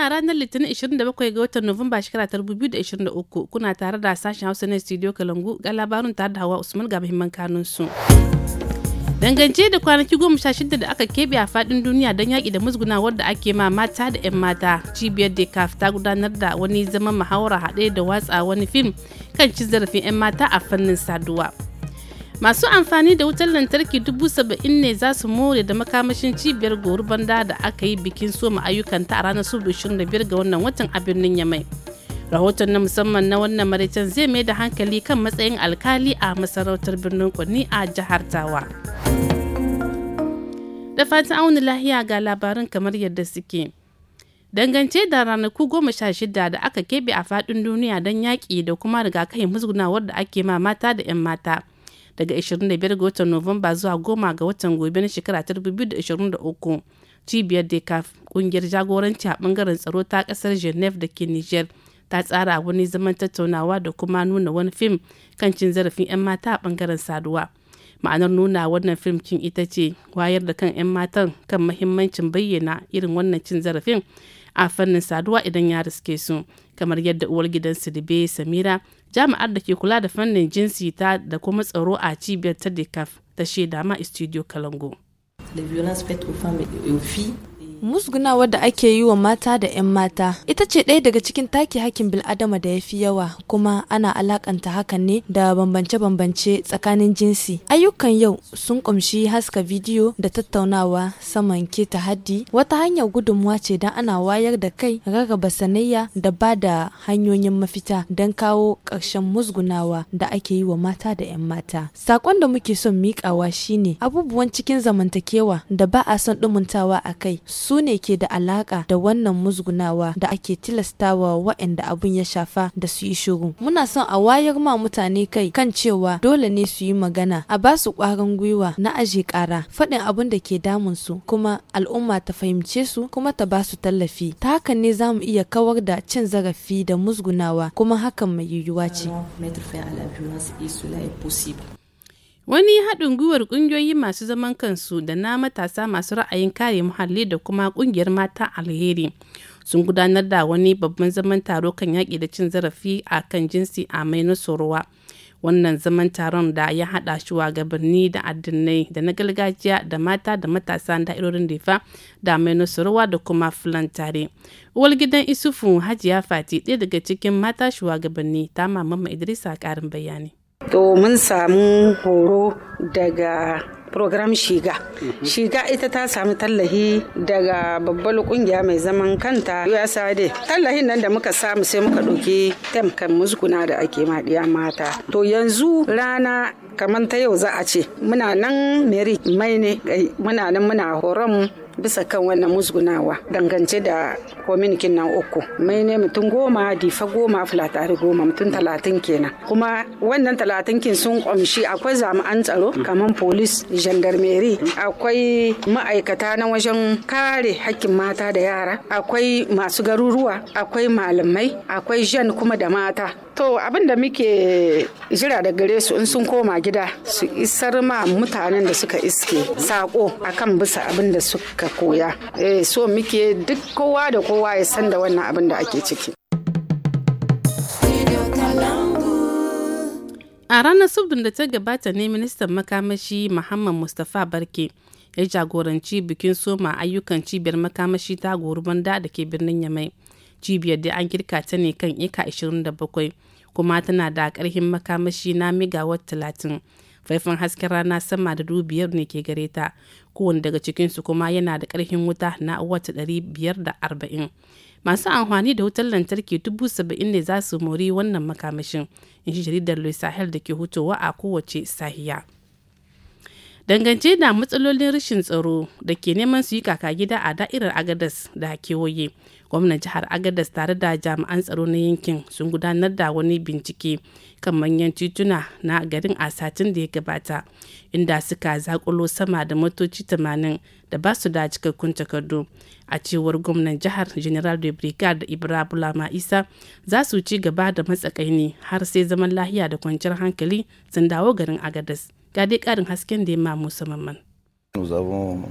a ranar Litinin 27 ga watan Nuwamba shekara ta 2023 kuna tare da sashen Hausa na Studio Kalangu ga labarin tare da Hawa Usman ga muhimman kanunsu. Dangance da kwanaki goma sha shida da aka keɓe a faɗin duniya don yaƙi da musgunawar da ake ma mata da 'yan mata, cibiyar DECAF ta gudanar da wani zaman muhawara haɗe da watsa wani fim kan cin zarafin 'yan mata a fannin saduwa. masu amfani da wutar lantarki dubu saba'in ne za su more da makamashin cibiyar gori banda da aka yi bikin soma ayyukanta a ranar subu 25 ga wannan watan a birnin yamai rahoton na musamman na wannan maraicen zai mai da hankali kan matsayin alkali a masarautar birnin kwanni a jihar tawa da fatan auna lahiya ga labarin kamar yadda suke dangance da ranaku goma sha shida da aka keɓe a faɗin duniya don yaƙi da kuma rigakafin musgunawar da ake ma mata da 'yan mata daga 25 ga watan Nuwamba zuwa 10 ga watan gobe na shekara ta 2023. Cibiyar DECAF kungiyar jagoranci a bangaren tsaro ta kasar geneve da ke Niger ta tsara wani zaman tattaunawa da kuma nuna wani fim kan cin zarafin 'yan mata a bangaren saduwa. Ma'anar nuna wannan fim cin ita ce wayar da kan 'yan matan kan mahimmancin bayyana irin wannan cin zarafin a fannin saduwa idan ya riske su kamar yadda uwar gidan sidibe samira jami'ar da ke kula da fannin jinsi ta da kuma tsaro a cibiyar ta ta shaida ma studio kalango musgunawa da ake yi wa mata da 'yan mata ita ce ɗaya daga cikin taki hakkin bil'adama da ya fi yawa kuma ana alakanta hakan ne da bambance-bambance tsakanin jinsi ayyukan yau sun kumshi haska bidiyo da tattaunawa saman keta haddi wata hanyar gudunmuwa ce don ana wayar da kai rarraba sanayya da ba da hanyoyin mafita don kawo ƙarshen musgunawa da ake yi wa mata da 'yan mata sakon da muke son miƙawa shine abubuwan cikin zamantakewa da ba a son ɗumuntawa a kai su ne ke da alaka da wannan muzgunawa da ake tilastawa waɗanda abun ya shafa da su yi shiru. Muna son a wayar ma mutane kai kan cewa dole ne su yi magana, a ba su ƙwarin gwiwa na aje ƙara, faɗin abun da ke damun su, kuma al'umma ta fahimce su kuma ta ba su tallafi. Ta hakan ne za mu iya kawar da cin zarafi da muzgunawa kuma hakan mai yiwuwa ce. Wani haɗin gwiwar ƙungiyoyi masu zaman kansu da na matasa masu ra'ayin kare muhalli da kuma ƙungiyar mata alheri sun gudanar da wani babban zaman taro kan yaƙi da cin zarafi a kan jinsi a mai nasarwa. Wannan zaman taron da ya haɗa shugabanni da addinai da na gargajiya da mata da matasa da irorin difa da mai nasarwa da kuma filantare. Uwar gidan Isufu Hajiya Fati ɗaya daga cikin mata shugabanni ta mamama Idrisa ƙarin bayani. to mun samu horo daga program shiga shiga ita ta samu tallahi daga babbar kungiya mai zaman kanta USAID tallahin nan da muka samu sai muka ɗauki tem kan musguna da ake maɗiya mata to yanzu rana kamar ta yau za a ce muna nan meri mai ne muna nan muna horon bisa kan wannan musgunawa dangance da kominikin nan uku mai ne mutum goma difa goma fulatari goma mutum talatin kenan kuma wannan talatin kin sun kwamshi akwai jami'an tsaro kamar polis gendarmerie akwai ma'aikata na wajen kare hakkin mata da yara akwai masu garuruwa akwai malamai akwai jan kuma da mata To abin da muke jira da gare su in sun koma gida su isar ma mutanen da suka iske sako akan bisa abin da suka koya. Eh, so muke duk kowa da kowa ya san da wannan abin da ake ciki. A ranar Subdin da ta gabata ne ministan makamashi Muhammad Mustapha Barke ya jagoranci bikin soma ayyukan cibiyar makamashi ta goruban da ke birnin Yamai. Cibiyar da an girka ta ne kan eka 27 kuma tana da ƙarfin makamashi na megawatt talatin faifan hasken rana sama da dubu biyar ne ke gare ta kowane daga cikinsu kuma yana da ƙarfin wuta na wata ɗari biyar da arba'in masu amfani da wutar lantarki dubu saba'in ne za su mori wannan makamashin in shi jaridar louis sahel da ke hutowa a kowace sahiya dangance da matsalolin rashin tsaro da ke neman su yi kaka gida a da'irar agadas da kewaye gwamnan jihar agadas tare da jami'an tsaro na yankin sun gudanar da wani bincike kan manyan tituna na garin a satin da ya gabata inda suka zakulo sama da motoci 80 da ba su da cikakkun takardu a cewar gwamnan jihar general de brigade ibra bulama isa za su ci gaba da matsakaini har sai zaman lahiya da kwanciyar hankali sun dawo garin agadas ga dai karin hasken da ya mamu Mun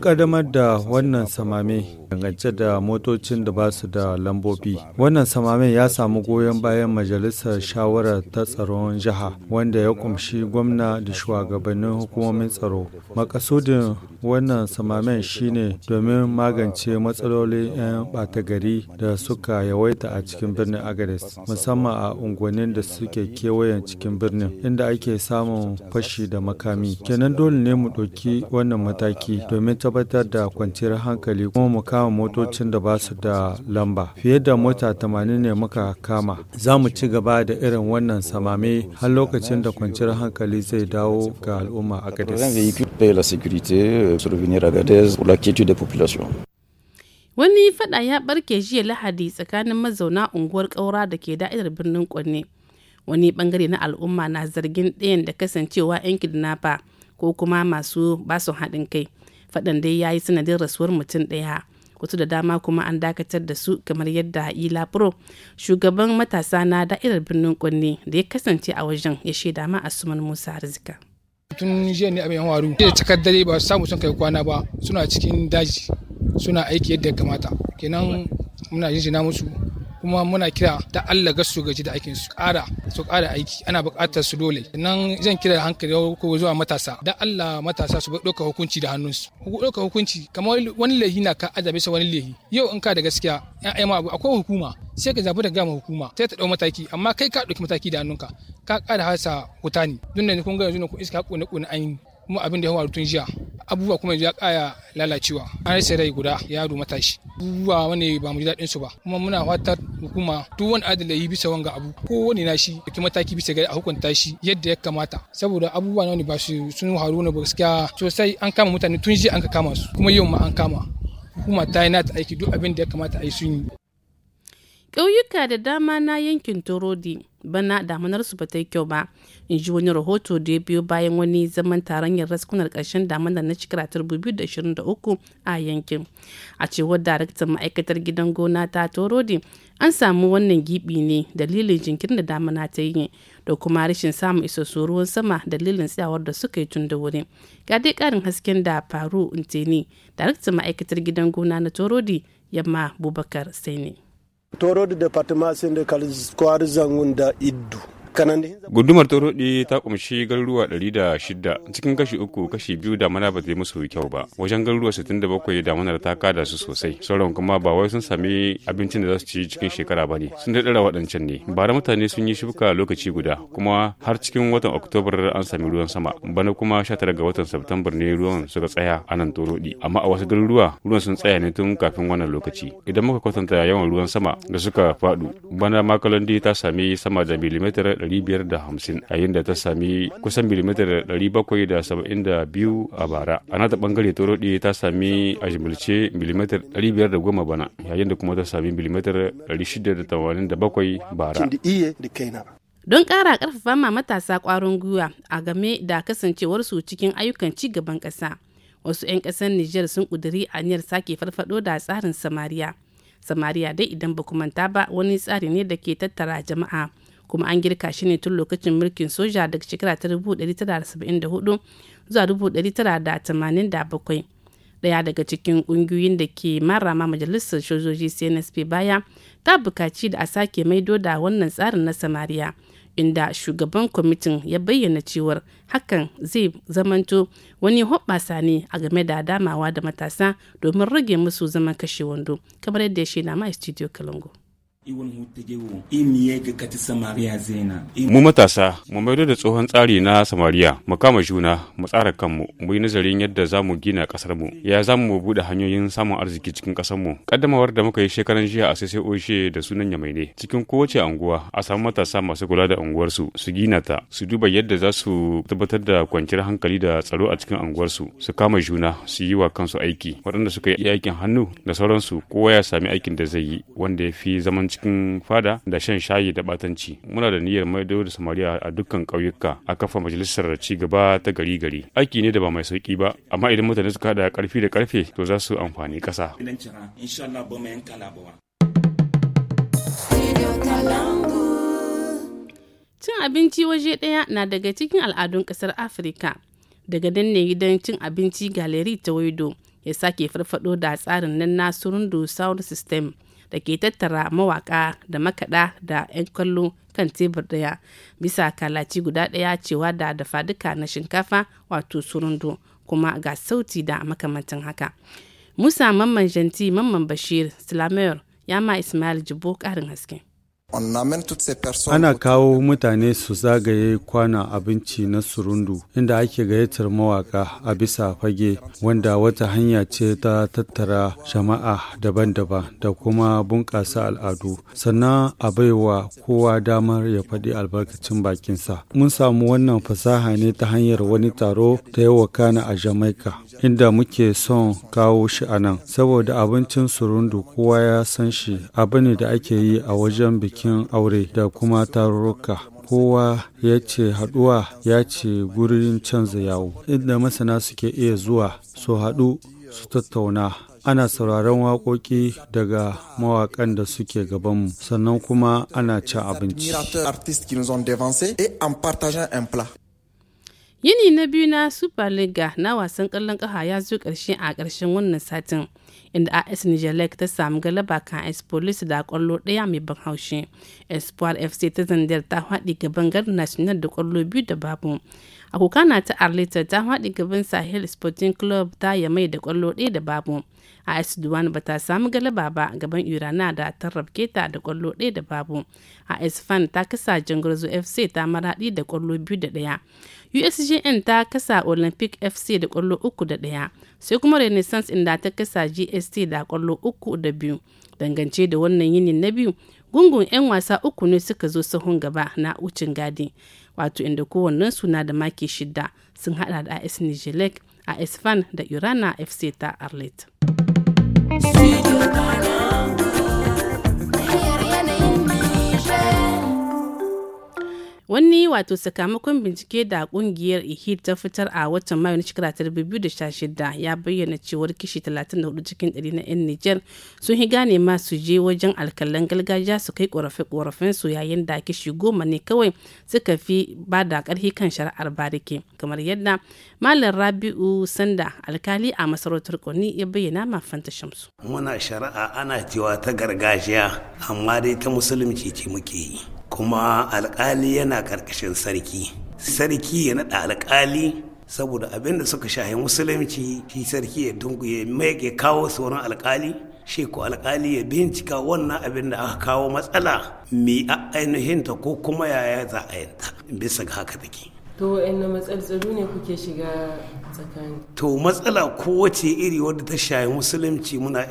ƙaddamar da wannan samame dangance da motocin da ba su da lambobi. Wannan samamen ya samu goyon bayan Majalisar shawarar ta Tsaron Jiha, wanda ya kumshi gwamna da shugabannin hukumomin tsaro. Makasudin wannan samamen shine domin magance matsalolin 'yan ɓata gari da suka yawaita a cikin birnin Agadez, musamman a unguwannin da suke kewayen cikin birnin, inda ake samun fashi da makami. Kenan dole ne mu ɗauki wannan mataki domin tabbatar da kwanciyar hankali kuma mu kama motocin da ba su da lamba. Fiye da mota tamanin ne muka kama. Za mu ci gaba da irin wannan samame har lokacin da kwanciyar hankali zai dawo ga al'umma a gadis. Euh, Wani fada ya barke jiya Lahadi tsakanin mazauna unguwar ƙaura da ke da'irar birnin Kwanne. Wani bangare na al'umma na zargin ɗayan da kasancewa 'yan kidnapper ko kuma masu basu haɗin kai faɗan dai ya yi sanadin rasuwar mutum ɗaya wasu da dama kuma an dakatar da su kamar yadda ila pro shugaban matasa na da'irar birnin kunne da ya kasance a wajen ya shaida ma asuman musa arzika tun jiya ne abin waru da cikar dare ba su samu sun kai kwana ba suna cikin daji suna aiki yadda ya kamata kenan muna jinjina musu kuma muna kira da Allah gasu gaji da aikin su ƙara su ƙara aiki ana buƙatar su dole nan zan kira hankali ko zuwa matasa da Allah matasa su ɗauka hukunci da hannunsu ɗauka hukunci kamar wani lehi na ka azabe sa wani lehi yau in ka da gaskiya ya ma abu akwai hukuma sai ka zabi da gama hukuma sai ta ɗau mataki amma kai ka ɗauki mataki da hannunka ka ƙara hasa hutani dun da kun ga yanzu ne ku iska ƙone ƙone an yi kuma abin da ya faru tun jiya abubuwa kuma ya kaya lalacewa an rasa rai guda yaro matashi abubuwa wani ba mu ji daɗin su ba kuma muna fatar hukuma duk wani adala yi bisa wanga abu ko wani na shi da mataki bisa ga a hukunta shi yadda ya kamata saboda abubuwa na wani ba su sun haru na gaskiya sosai an kama mutane tun jiya an ka kama su kuma yau ma an kama hukuma ta yi nata aiki duk abin da ya kamata a yi sun yi ƙauyuka da dama na yankin torodi bana damanarsu ba ta yi kyau ba in ji wani rahoto da ya biyo bayan wani zaman taron yin raskunar ƙarshen damunar na shekara ta 2023 a yankin a cewar daraktan ma'aikatar gidan gona ta torodi an samu wannan gibi ne dalilin jinkirin da damana ta yi da kuma rashin samun isassun ruwan sama dalilin tsayawar da suka yi tun da wuri ga dai ƙarin hasken da faru nteni daraktan ma'aikatar gidan gona na torodi yamma bubakar sai toro da departement syndical kwari zangun da iddu Gudumar Torodi ta kumshi garuruwa 106 cikin kashi uku kashi biyu da mana ba zai musu kyau ba. Wajen garuruwa 67 damanar ta kada su sosai. Sauran kuma ba wai sun sami abincin da za su ci cikin shekara ba ne. Sun daɗara waɗancan ne. Bara mutane sun yi shuka lokaci guda kuma har cikin watan Oktobar an sami ruwan sama. Bana kuma 19 ga watan september ne ruwan suka tsaya a nan Torodi. Amma a wasu garuruwa ruwan sun tsaya ne tun kafin wannan lokaci. Idan muka kwatanta yawan ruwan sama da suka faɗu. Bana Makalandi ta sami sama da milimetar 550 yayin da ta sami kusan milimitar 772 a bara a nata bangare torodi ta sami a jimilce milimitar 510 bana yayin da kuma ta sami milimitar 687 bara don ƙara ƙarfafa ma matasa ƙwarin gwiwa a game da kasancewarsu cikin ayyukan ci gaban ƙasa wasu 'yan kasar niger sun ƙudiri aniyar sake farfado da tsarin samariya samariya dai idan ba manta ba wani tsari ne da ke tattara jama'a kuma an girka shi ne tun lokacin mulkin soja daga shekara ta 1974 zuwa 1987 daya daga cikin ƙungiyoyin da ke marama majalisar sojoji cnsp baya ta bukaci da a sake maido da wannan tsarin na samariya inda shugaban kwamitin ya bayyana cewar hakan zai zamanto wani hoɓasa ne a game da damawa da matasa domin rage musu zaman kashe wando kamar yadda ya shaida ma studio kalungu Mu matasa, mu maido da tsohon tsari na Samariya, mu kama juna, mu tsara kanmu, mu yi nazarin yadda za mu gina ƙasarmu, ya za mu buɗe hanyoyin samun arziki cikin ƙasarmu. kaddamawar da muka yi shekaran jiya a sai oshe da sunan ya ne. Cikin kowace anguwa, a samu matasa masu kula da unguwarsu, su gina ta, su duba yadda za su tabbatar da kwanciyar hankali da tsaro a cikin unguwarsu, su kama juna, su yi wa kansu aiki. Waɗanda suka yi aikin hannu da sauransu, kowa ya sami aikin da zai yi, wanda ya fi zaman cikin fada da shan shayi da batanci muna da niyyar maido da samariya a dukkan ƙauyuka a kafa majalisar ci gaba ta gari gari aiki ne da ba mai sauki ba amma idan mutane suka haɗa ƙarfi da ƙarfe to za su amfani ƙasa Cin abinci waje ɗaya na daga cikin al'adun ƙasar Afirka. Daga nan ne gidan cin abinci galeri ta Waido ya sake farfado da tsarin nan na Surundu Sound System da ke tattara mawaka da makada da 'yan kwallo kan tebur daya bisa kalaci guda ɗaya cewa da dafa duka na shinkafa wato surundo kuma ga sauti da makamantan haka musa mamman janti mamman bashir ya ma ismail jibo ƙarin haske Ana kawo mutane su zagaye kwana abinci na surundu inda ake gayyatar mawaka a bisa fage wanda wata hanya ce ta tattara jama'a daban-daban da kuma bunƙasa al'adu sannan a baiwa kowa damar ya faɗi albarkacin bakinsa. Mun samu wannan fasaha ne ta hanyar wani taro da ya kana a Jamaika. inda muke son kawo shi a nan saboda abincin surundu kowa ya san shi abu ne da ake yi a wajen bikin aure da kuma tarurruka kowa ya ce haɗuwa ya ce gurin canza yawo inda masana suke iya zuwa su haɗu su tattauna ana sauraron waƙoƙi daga mawaƙan da suke gabanmu sannan kuma ana cin abinci Yini na biyu na super League na wasan ƙwallon ƙafa ya zo ƙarshe a ƙarshen wannan satin, inda AS Nijalek ta samu galaba kan Espolis da ƙwallo ɗaya mai ban haushi. Espoir FC ta Zandar ta faɗi ga gar National da ƙwallo biyu da babu. akokana ta arlita ta haɗi gaban sahel sporting club ta yamai da kwallo ɗaya da babu a isduwan ba ta samu galaba ba gaban irana da ta rabke ta da kwallo ɗaya da babu a isfan ta kasa jangurzo fc ta maraɗi da kwallo biyu da ɗaya usgn ta kasa olympic fc da kwallo uku da ɗaya sai kuma renaissance inda ta kasa gst da kwallo uku da biyu dangance da wannan yinin na biyu gungun 'yan wasa uku ne suka zo sahun gaba na wucin gadi wato inda kowanne suna da maki shida sun hada da AS Nijelek, AS Fan da Urana FC ta Arlet. wato sakamakon bincike da kungiyar ihid ta fitar a watan mayu na shekara 2016 ya bayyana cewar kishi 34 cikin 100 na 'yan nijar sun higa gane ma su je wajen alkalan gargajiya su kai korafe-korafen su yayin da kishi goma ne kawai suka fi ba da karfi kan shari'ar barike kamar yadda malam rabi'u sanda alkali a masarautar koni ya bayyana ma fanta shamsu muna shari'a ana cewa ta gargajiya amma dai ta musulunci ce muke yi kuma alkali yana karkashin sarki sarki ya naɗa alkali saboda abin da suka shahi musulunci shi sarki ya dunguye mai ya kawo sauran alkali shi ko alkali ya bincika wannan abin da aka kawo matsala mi a ainihinta ko kuma yaya za a yanta bisa ga haka take to wa'annan matsaltsalu ne kuke shiga to matsala kowace iri wadda ta shayi musulunci muna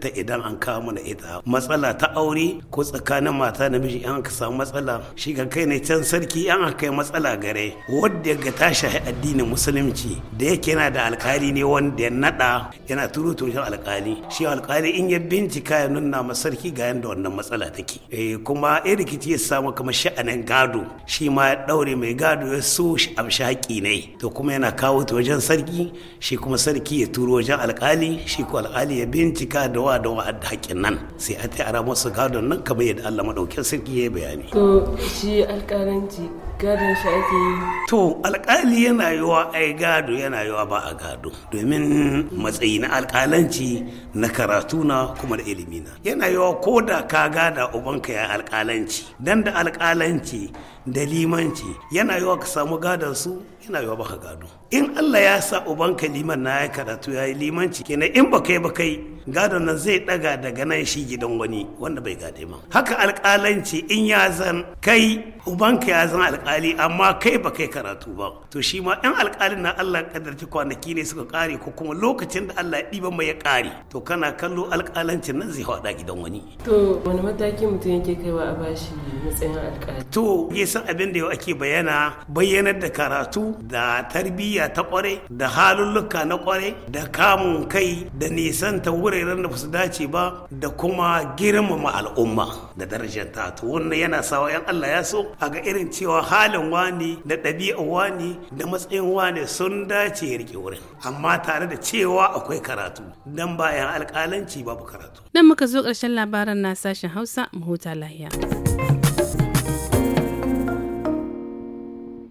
ta idan an kawo mana ita matsala ta aure ko tsakanin mata na miji an ka samu matsala shi ka kai ne can sarki an kai matsala gare wadda ga ta shayi addinin musulunci da yake yana da alkali ne wanda ya nada yana turutun shi alkali shi alkali in ya bincika ya nuna ma sarki ga yanda wannan matsala take eh kuma in rikici ya samu kamar sha'anin gado shi ma ya daure mai gado ya so shi amshi ne to kuma yana kawo ta wajen sarki shi kuma sarki ya turo wajen alkali shi ko alkali ya bincika da wa da wa haƙƙin nan sai a ta ara musu gadon nan kamar yadda Allah madaukin sarki ya bayani to shi alkalanci gadon shi ake to alkali yana yiwa ai gado yana yawa ba a gado domin matsayi na alkalanci na karatu na kuma da ilimi na yana yawa ko da ka gada ubanka ya alkalanci dan da alkalanci da limanci yana yawa ka samu gadon su yana yiwa baka gano in Allah ya sa ubanka liman na ya karatu ya yi limanci kenan in ba yi ba kai gadon nan zai daga daga nan shi gidan wani wanda bai gade ma haka alƙalanci in ya zan kai ubanka ya zan alƙali amma kai ba kai karatu ba to shi ma ɗan alƙalin na Allah kadarci kwanaki ne suka ƙare ko kuma lokacin da Allah ya ɗiba mai ya ƙare to kana kallo alƙalancin nan zai haɗa gidan wani. to wani mataki mutum yake kaiwa a bashi matsayin alƙali. to ya san abin da yau ake bayana bayyanar da karatu da tarbiyya ta ƙware da halulluka na ƙware da kamun kai da nisan ta wuraren da ba su dace ba da kuma girmama al'umma da darajar ta to wannan yana sawa yan Allah ya so a ga irin cewa halin wani da ɗabi'a wani da matsayin wani sun dace ya rike wurin amma tare da cewa akwai karatu dan yan alƙalanci babu karatu nan muka zo karshen labaran na sashen Hausa mu huta lahiya